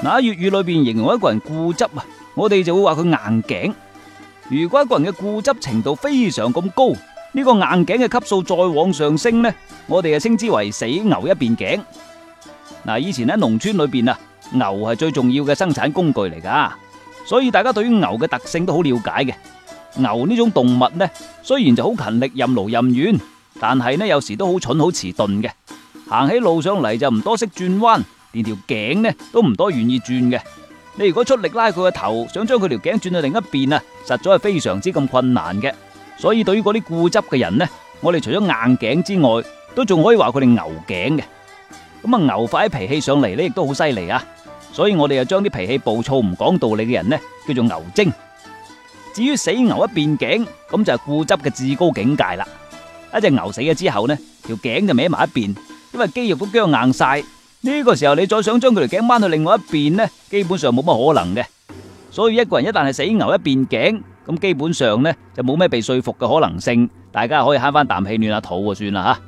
嗱，喺粵語裏邊，形容一個人固執啊，我哋就會話佢硬頸。如果一個人嘅固執程度非常咁高，呢、這個硬頸嘅級數再往上升呢，我哋就稱之為死牛一邊頸。嗱，以前喺農村裏邊啊，牛係最重要嘅生產工具嚟噶，所以大家對於牛嘅特性都好了解嘅。牛呢種動物呢，雖然就好勤力任勞任怨，但係呢有時都好蠢好遲鈍嘅，行喺路上嚟，就唔多識轉彎。連條頸呢都唔多願意轉嘅。你如果出力拉佢個頭，想將佢條頸轉到另一邊啊，實在係非常之咁困難嘅。所以對於嗰啲固執嘅人呢，我哋除咗硬頸之外，都仲可以話佢哋牛頸嘅。咁啊，牛發啲脾氣上嚟呢，亦都好犀利啊。所以我哋就將啲脾氣暴躁、唔講道理嘅人呢，叫做牛精。至於死牛一邊頸，咁就係固執嘅至高境界啦。一隻牛死咗之後呢，條頸就歪埋一邊，因為肌肉都僵硬晒。呢個時候你再想將佢條頸掹到另外一邊呢，基本上冇乜可能嘅。所以一個人一旦係死牛一邊頸，咁基本上呢就冇咩被說服嘅可能性。大家可以慳翻啖氣暖下、啊、肚就算啦吓。